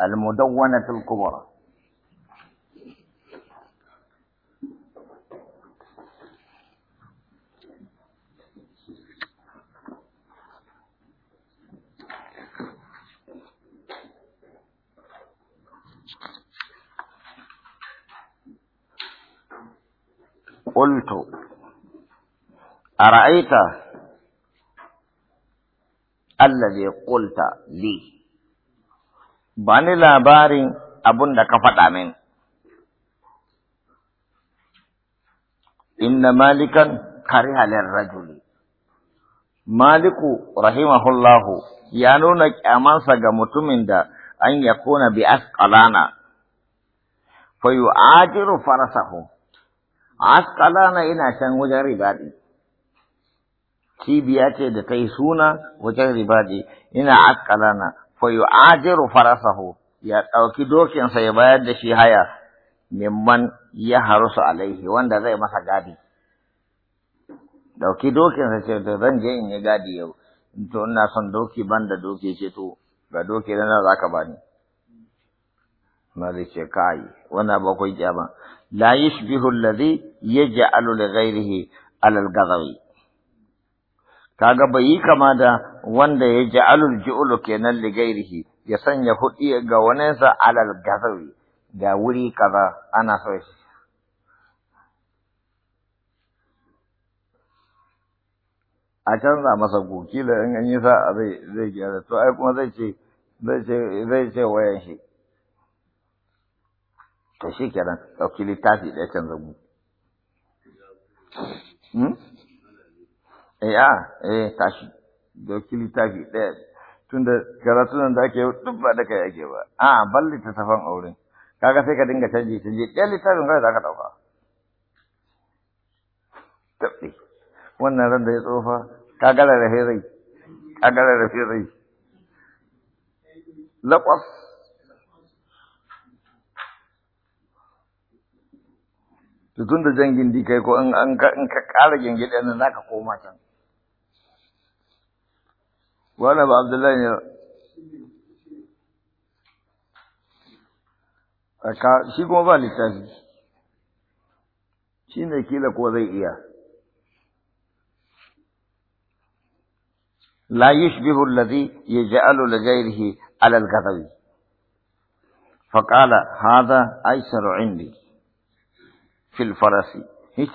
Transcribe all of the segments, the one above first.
المدونة الكبرى قلت أرأيت الذي قلت لي ba ni labarin abun da ka faɗa min. Inna malikan kari halin rajuli. Maliku rahimahullahu ya nuna kyamansa ga mutumin da an ya kona bi askalana. fa ajiru farasahu. askalana ina can wajen ribadi. Cibiya ce da ta yi suna wajen ribadi ina askalana. fa yu'ajiru farasahu ya ɗauki dokinsa ya bayar da shi haya mimman ya harusu alaihi wanda zai masa gadi ɗauki dokinsa ce to zan je in yi gadi yau to ina son doki ban da doki ce to ga doki na za ka bani ma ce kai wannan ba kun kyama la yushbihu alladhi yaj'alu li ghayrihi alal gazawi kaga bai yi kama da wanda ya ji alul ji'ulu kenan ligairihi ya sanya hudi ga waninsa alal gazawi ga wuri kaza ana so shi a canza masa goki da in an yi sa zai zai gyara to ai kuma zai ce zai ce zai ce wayan shi to shi kenan ɗauki littafi ɗaya canza mu hmm? eh a ah, eh tashi dauki littafi ɗaya tun karatu nan da ake duk ba da kai ake ba a ban littattafan auren kaga sai ka dinga canji canji ɗaya littafin kawai za ka ɗauka tabbi wannan ran da ya tsofa gara da rai gara da rai laƙwas tun da jan gindi kai ko in ka ƙara gingidi nan za ka koma can وانا ابو عبد الله كا شي كون فالي تاسي شي لا يشبه الذي يجعل لغيره على الغضب فقال هذا ايسر عندي في الفرسي هيك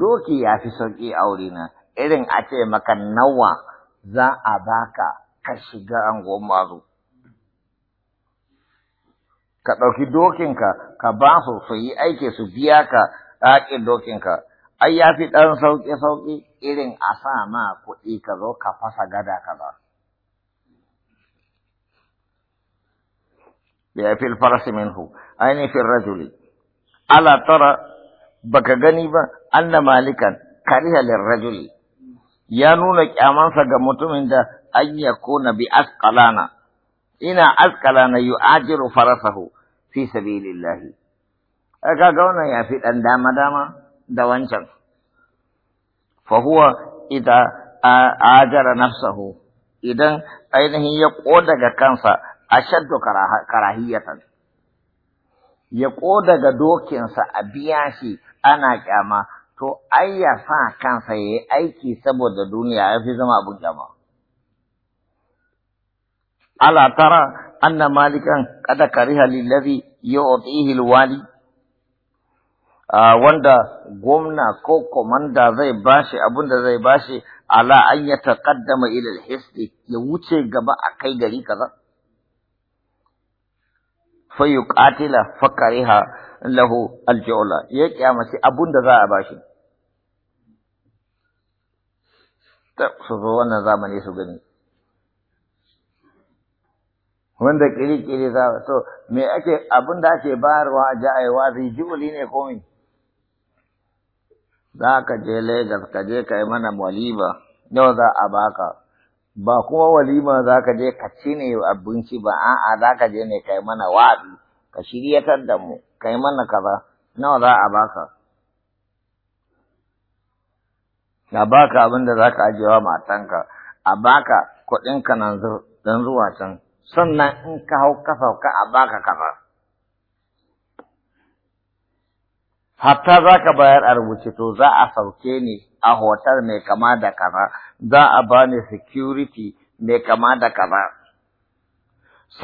دوكي يا في سوقي اورينا ايرن اتي مكان نواه za a baka ka shiga anguwan mazu. Ka ɗauki dokinka, ka ba su su yi aiki su biya ka ɗakin dokinka, ai ya fi ɗan sauƙi-sauƙi irin a sa ma kuɗi ka zo ka fasa gada ka ba. Ya fi farasi minhu, ainihin rajuli. Ala tara baka gani ba, anna malikan kariha rajuli. ya nuna kyamansa ga mutumin da an na bi asqalana ina asqalana ajiru farasahu fi sabilillahi ga wannan ya fi dan dama dama da wancan fa huwa a ajara nafsahu idan ainihin ya ƙo daga kansa ashaddu karahiyatan ya ƙo daga dokinsa a biya shi ana kyama to ai ya sa kansa ya aiki saboda duniya ya fi zama abin kyama. Ala tara anna malikan kada kariha lillazi yu'tihi alwali wanda gwamna ko komanda zai bashi abunda da zai bashi ala an ya taqaddama ila alhisdi ya wuce gaba akai kai gari kaza fa yuqatila fa kariha lahu aljawla ya kyamaci abunda da za a bashi su zo wannan zamani su gani wanda kiri-kiri za so me ake abin da ake bayarwa a ja'aiwa zai jiwali ne komi za ka je Legas ka je ka yi mana waliba yau za a baka ba kuma Waliba za ka je ka ci ne abinci ba a'a za ka je ne ka yi mana wazi ka shiryatar da mu ka yi mana kaza nawa za a baka na baka abin da za zaka ajewa matanka a baka kuɗin ka nan dan zuwa can sannan in ka hau kafa ka a baka kafa hatta zaka bayar a rubuce to za a sauke ni a hotel mai kama da kaza za a bani security mai kama da kaza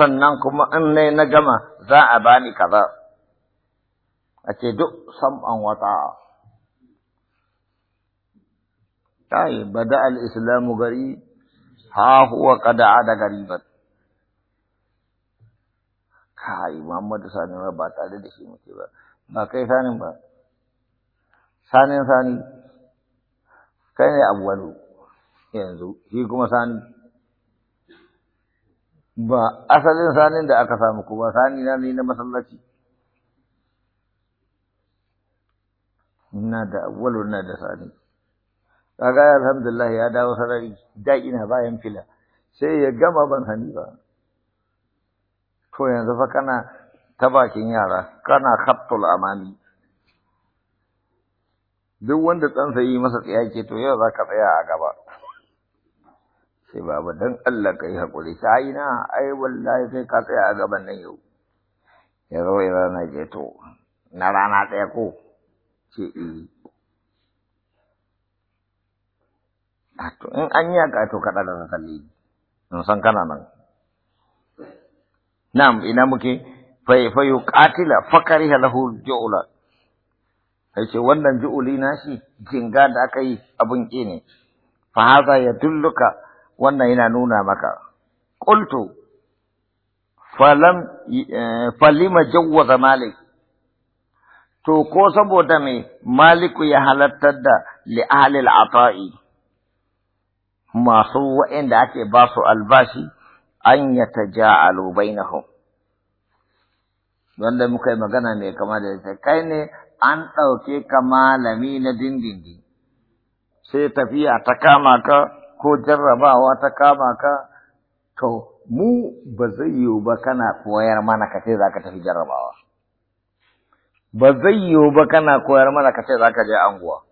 sannan kuma in ne na gama za a bani kaza a ce duk sam'an wata. kai bada al-islamu gari ha huwa qad ada gariban kai Muhammadu Sani ba tare da shi muke ba ba kai sanin ba sanin sani kai ne abwalu yanzu shi kuma sani ba asalin sanin da aka samu kuma sani na ne na masallaci ina da abwalu na da sani kaga alhamdulillah ya dawo sarari da ina bayan fila sai ya gama ban hani ba to yanzu fa kana ta bakin yara kana khattul amani duk wanda tsansa yi masa tsaya ke to yau za ka tsaya a gaba sai baba dan Allah ka yi haƙuri sai na ai wallahi sai ka tsaya a gaban nan yau ya zo ya rana je to na rana ɗaya ko ce eh. in an yi haka to kaɗa da kalli in san kana nan na'am ina muke fa katila fakariha lahu Ai ce, wannan ju'uli na shi jinga da aka yi abun ki ne fa ya yadulluka wannan yana nuna maka qultu falam falima jawwaza malik to ko saboda me maliku ya halartar da li ahli al-ata'i masu wa'inda ake ba su albashi an ya ta na hau. wanda muka yi magana mai kama da ita kai ne an ɗauke ka malami na dindindi sai tafiya ta kama ka ko jarrabawa ta kama ka to mu ba zai yiwu ba kana koyar mana ka ce za ka tafi jarrabawa ba zai yiwu ba kana koyar mana ka ce za ka je anguwa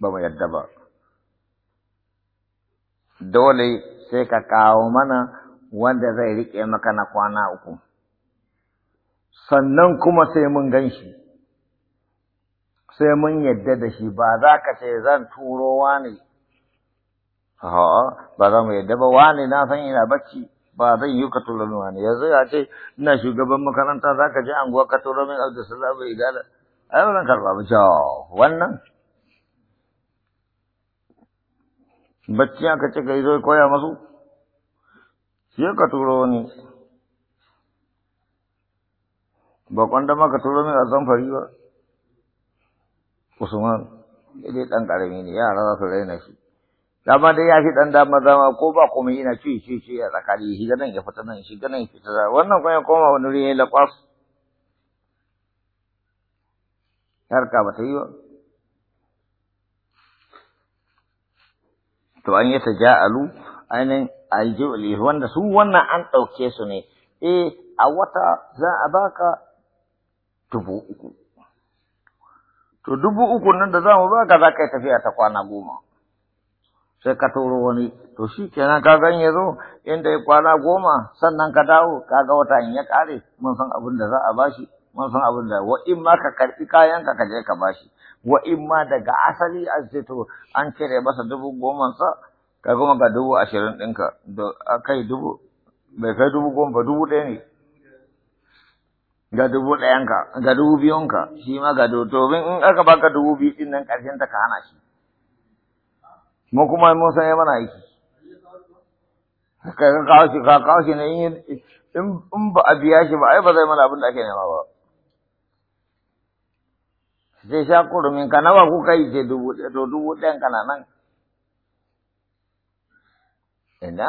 ba mu yadda ba dole sai ka kawo mana wanda zai riƙe maka na kwana uku. Sannan kuma sai mun gan shi, sai mun yadda da shi ba za ka ce zan turo wani, ba za mu yadda ba wani na san ina bacci ba zan yi ka turo wani, yanzu ya ce ina shugaban makaranta za ka je anguwa ka turo min Abdulsalam Igala, ai ba zan karɓa ba wannan. bacci aka ce ka zo koya masu sai ka turo wani ba kwanda ma ka turo min a zamfari ba usman dai dan karami ne yara za su raina shi dama dai ya fi dan dama dama ko ba komai yana ci ci ci a tsakani shi ganin ya fita nan shi ganin wannan kuma ya koma wani riye la kwas harka ba ta yi ba to an yi ja'alu ainihin alji'uli wanda su wannan an ɗauke su ne e a wata za a baka dubu uku to dubu uku nan da za mu baka za ka yi tafiya ta kwana goma sai ka turo wani to shi kenan ka gan ya zo inda ya kwana goma sannan ka dawo ka ga wata in ya kare mun san abin da za a bashi mun san abin da wa in ma ka karbi kayan ka ka je ka bashi wa in ma daga asali azzato an cire masa dubu goma sa ka goma ga dubu ashirin ɗinka da akai dubu bai kai dubu goma ba dubu ɗaya ne ga dubu ɗayanka ga dubu biyunka shi ma ga dubu to in aka baka dubu biyu ɗin nan ƙarshen ta ka hana shi mu kuma mun san ya mana aiki ka kawo shi ka kawo shi ne in ba a biya shi ba ai ba zai mana abin da ake nema ba zai sha kurumin ka nawa kuka yi ce dubu ɗaya kana nan ina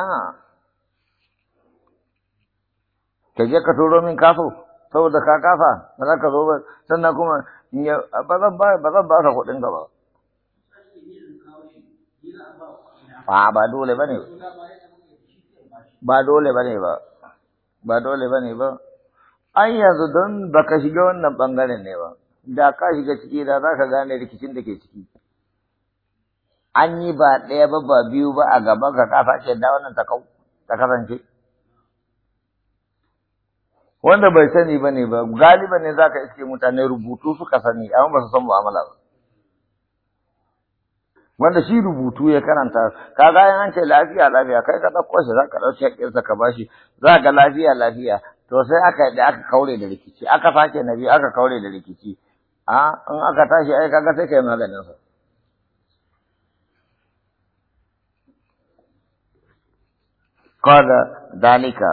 ka je ka turo min kaso saboda ka kafa ba za ka zo ba sannan kuma ba zan ba ba ba ka kuɗin ka ba a ba dole ba ne ba dole ba ne ba ba dole ba ne ba an yanzu don ba ka shiga wannan bangaren ne ba da ka shiga ciki da za ka gane rikicin da ke ciki an yi ba ɗaya ba ba biyu ba a gaban ka ka sake da wannan ta ta kasance wanda bai sani ba ne ba galiba ne za ka iske mutane rubutu suka sani amma ba su san mu'amala ba wanda shi rubutu ya karanta ka ga an ce lafiya lafiya kai ka ɗauko shi za ka ɗauki haƙƙinsa ka bashi za ga lafiya lafiya to sai aka da aka kaure da rikici aka sake na biyu aka kaure da rikici a in aka tashi ai kaga sai kai maganin sa qala dalika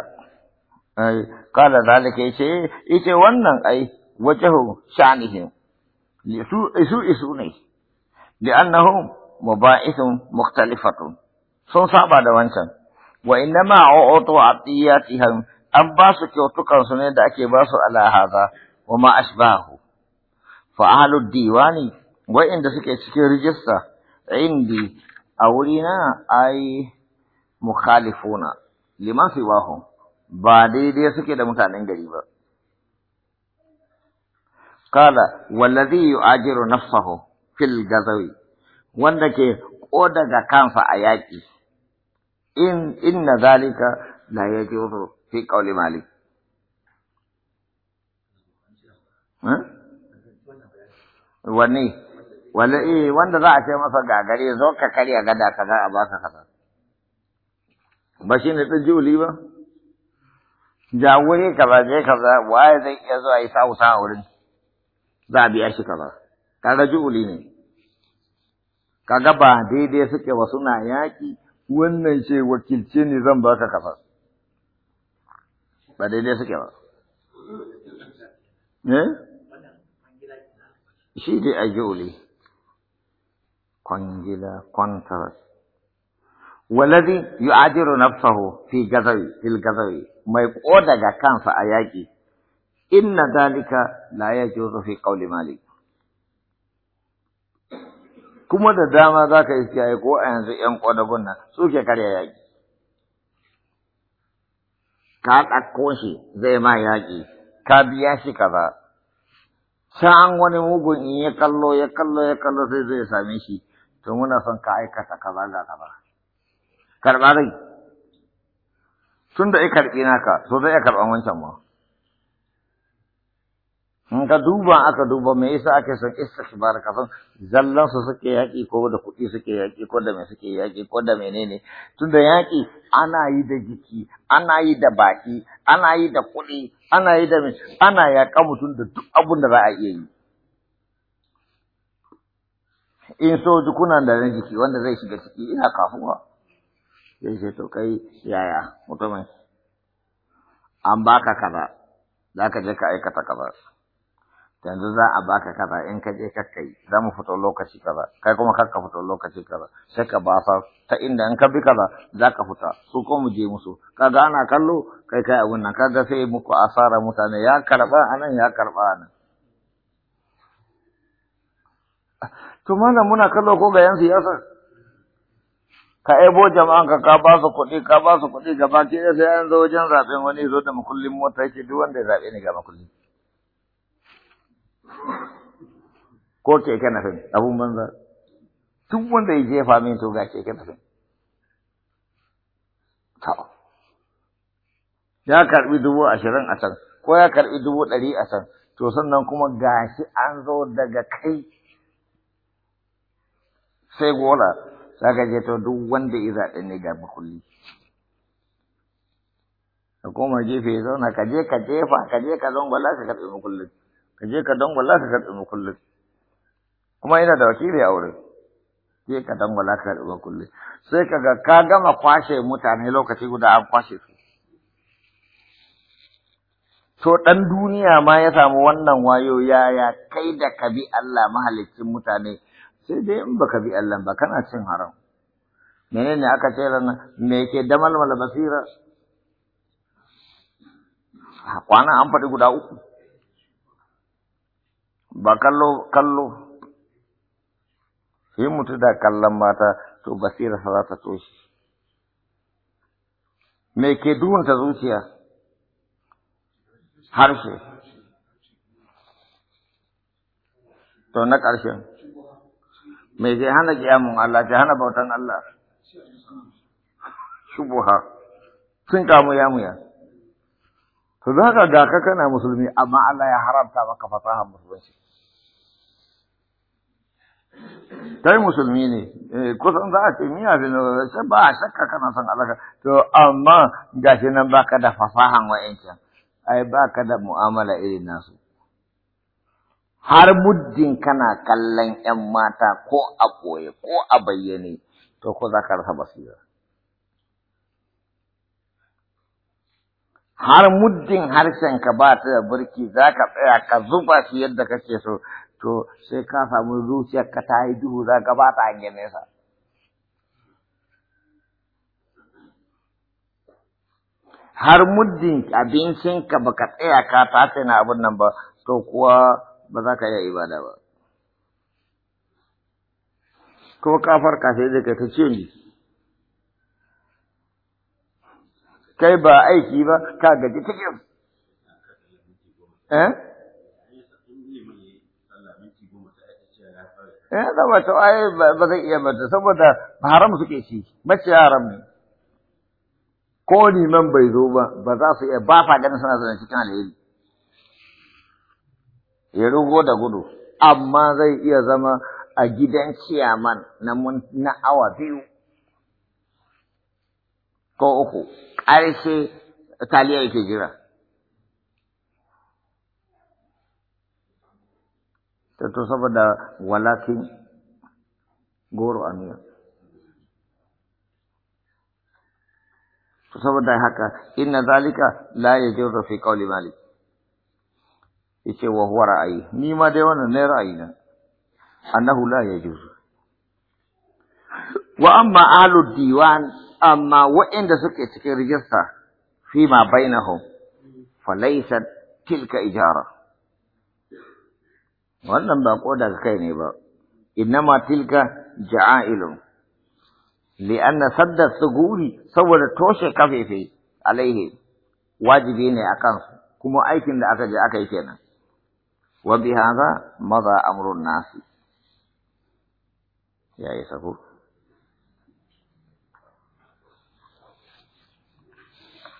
ai qala dalika yace yace wannan ai wajahu sha'nihim su isu isu ne annahu muba'ithun mukhtalifatun sun saba da wancan wa innama u'tu atiyatihim an ba su kyautukan su ne da ake basu su ala haza wa ma ashbahu fa'alu ahlud diwani wa'inda suke cikin rijista indi a wurina ai mukhalifuna liman wahum ba daidai suke da mutanen gari ba qala wallazi yu'ajiru nafsahu fil gazawi wanda ke ga kansa a yaƙi in inna zalika la yajuzu fi qawli malik wanne wala eh wanda za a ce masa gagare zo ka karya gada kaza a baka kaza ba shi ne ɗin uli ba jagore kaza je kaza waye zai iya zuwa yi sa'u sa'u wurin za a biya shi kaza kaga juli ne kaga ba daidai suke ba suna yaƙi wannan ce wakilce ne zan baka kaza ba daidai suke ba eh shi dai a jole kwangila kwantar waladi yu'ajiru nafsahu fi gazawi fil gazawi mai daga kansa a yaƙi inna dalika la yajuzu fi qawli malik kuma da dama zaka yi yi ko a yanzu yan kodagun nan suke karya yaƙi ka ɗauko shi zai ma yaƙi ka biya shi kaza sa'an wani mugun in ya kallo ya kallo ya kallo sai zai same shi to muna son ka aikata kaza ga kaza karɓa rai tun da ya karɓi naka so zai ya karɓan wancan ma in ka duba aka duba me yasa ake son istikbar kafin zallan su suke yaki ko da kuɗi suke yaki ko da me suke yaki ko da menene tunda yaki ana yi da jiki ana yi da baki ana yi da kuɗi ana yi da ana ka mutun da duk abun da za a iya yi in so kuna da ran jiki wanda zai shiga ciki ina kafuwa zai ce to kai yaya mutumin an baka kaza za je ka aikata kaza yanzu za a baka kaza in ka je kakka yi za mu fito lokaci kaza kai kuma kakka fito lokaci kaza sai ka ba sa ta inda in ka bi kaza za ka fita su ko mu je musu kaga ana kallo kai kai abun nan kaga sai muku asara mutane ya karba anan ya karba anan to mana muna kallo ko ga yan siyasa ka ebo jama'an ka ka ba su kuɗi ka ba su kuɗi gaba ki sai an zo wajen zaben wani zo da makullin mota yake duk wanda ya zaɓe ni ga makullin ko keke nafin abun banza duk wanda ya jefa min to ga keke nafin ya karbi dubu ashirin a can ko ya karbi dubu ɗari a can to sannan kuma gashi an zo daga kai sai gola za ka je to duk wanda ya zaɓe ne ga makulli ka koma gefe ya zauna ka je ka jefa ka je ka zangwala ka karɓi makullin ka je ka dangwala ka karɓi makullin kuma yana da wakili a wurin je ka dangwala ka karɓi makullin sai ka ga ka gama kwashe mutane lokaci guda an kwashe su to ɗan duniya ma ya samu wannan wayo yaya kai da ka bi Allah mahalicin mutane sai dai in baka bi Allah ba kana cin haram menene aka ce ranar me yake damal basira basira kwana an faɗi guda uku ba kallo kallo sai mutu da kallon mata to basira za ta toshe me ke dunta zuciya harshe to na ƙarshen me ke hana kiyamun Allah ke hana bautan Allah shubuha sun kamu ya muya to za ka ga ka kana musulmi amma Allah ya haramta maka fasahar musulunci kai musulmi ne eh, kusan za a ce miya fi sai ba a shakka kana son alaka to amma gashi nan baka da fasahan wa'ancan ai baka da mu'amala irin nasu har muddin kana kallon ‘yan mata ko a ɓoye ko a bayyane, to ko za ka rasa basira. Har muddin ka ba ta da burki za ka tsaya ka zuba shi yadda kake so, to sai ka samu zuciyar ka ta yi duhu za ka ba ta hangen nesa. Har muddin abincinka baka tsaya ka tace na abin nan ba, to kuwa ba za ka iya ibada ba. Ko kafar sai zai ka ta ce ni. Kai ba aiki ba, ka gaji ke Eh? eh da wato ai ba zai iya bata saboda haram suke ci mace haram ne ko neman bai zo ba ba za su iya ba fa ganin suna zaune cikin alheri ya rugo da gudu amma zai iya zama a gidan ciyaman na na awa biyu ko uku ƙarshe taliya yake jira to saboda walakin goro amir saboda haka inna zalika la yajurru fi qawli malik yace wa huwa ra'ayi ni ma dai wannan ne ra'ayi na annahu la yajurru wa amma ahlu diwan amma wa'inda suke cikin rijista fi ma bainahum falaysat tilka ijara wannan ba ko daga kai ne ba innama tilka ja'ailun li'anna sadda suguri saboda toshe kafefe alaihi wajibi ne a kansu kuma aikin da aka je aka yi kenan wa bi hadha madha amrun nasi ya yi sako